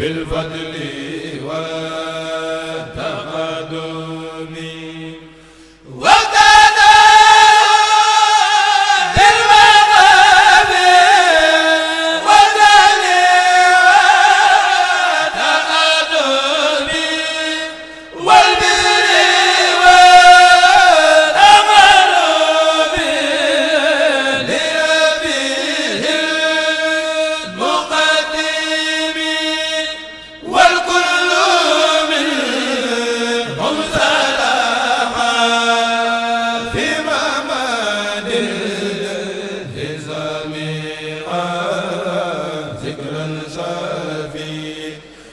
bil fadli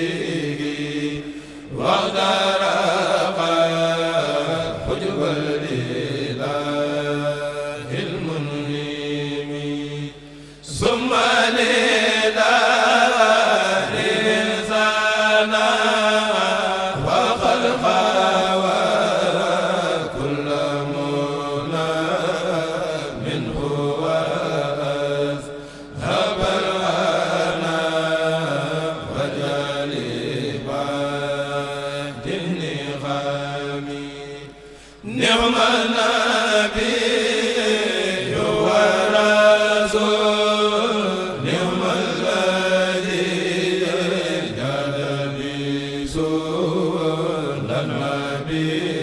gi waxta Nabi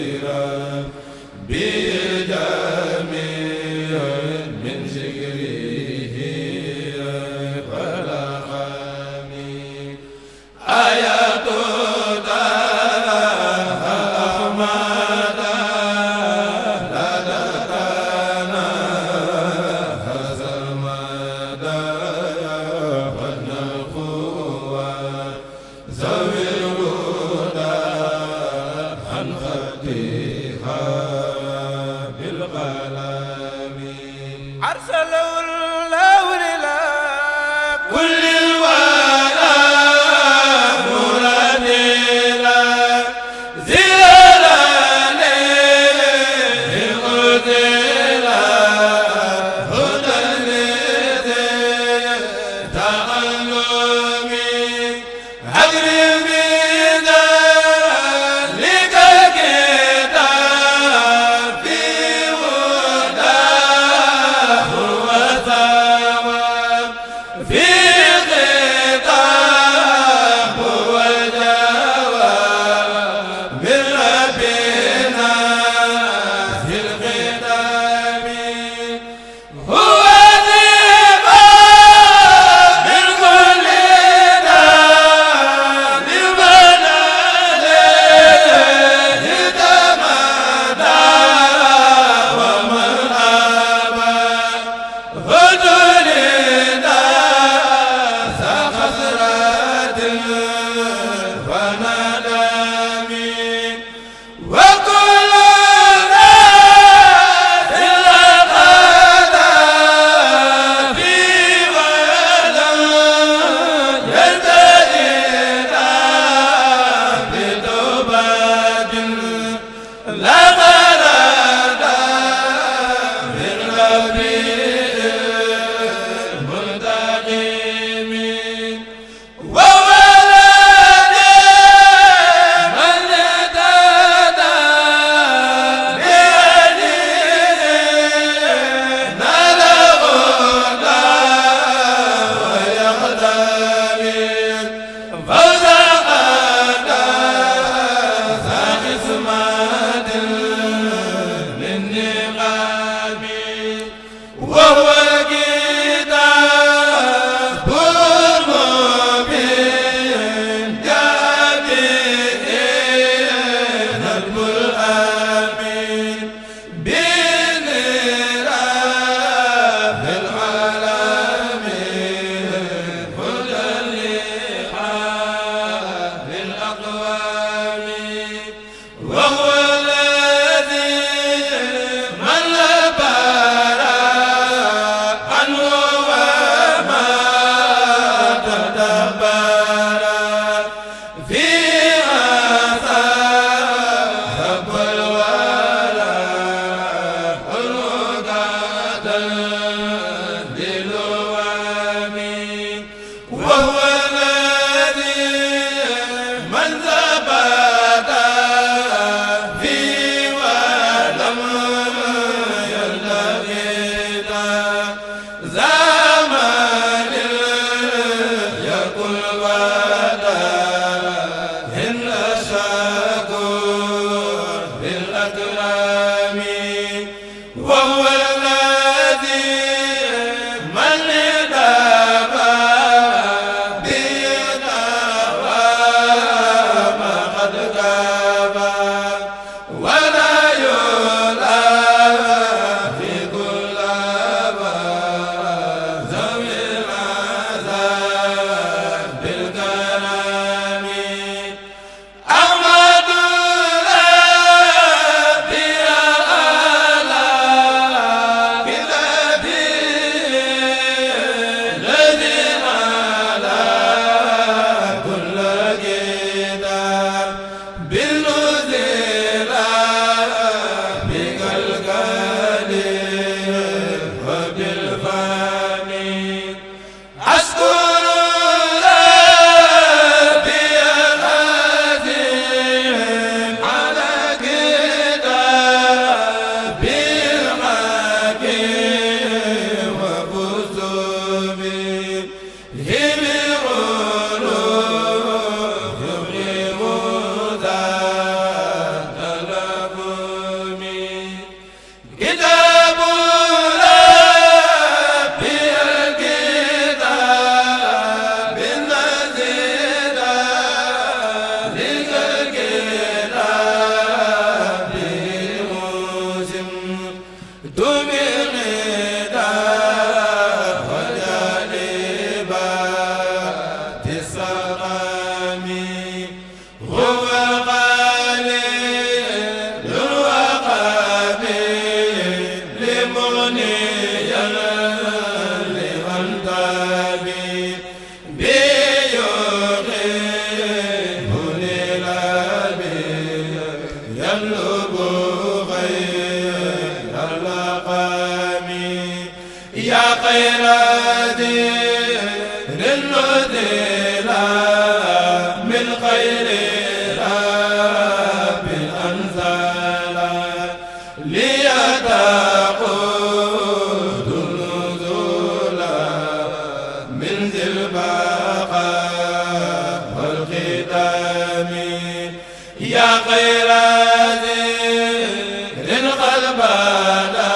yaa xayra zikrin qalbana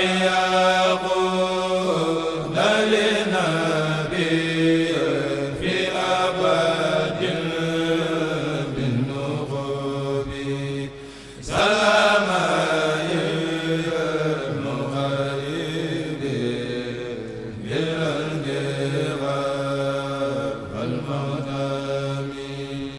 ya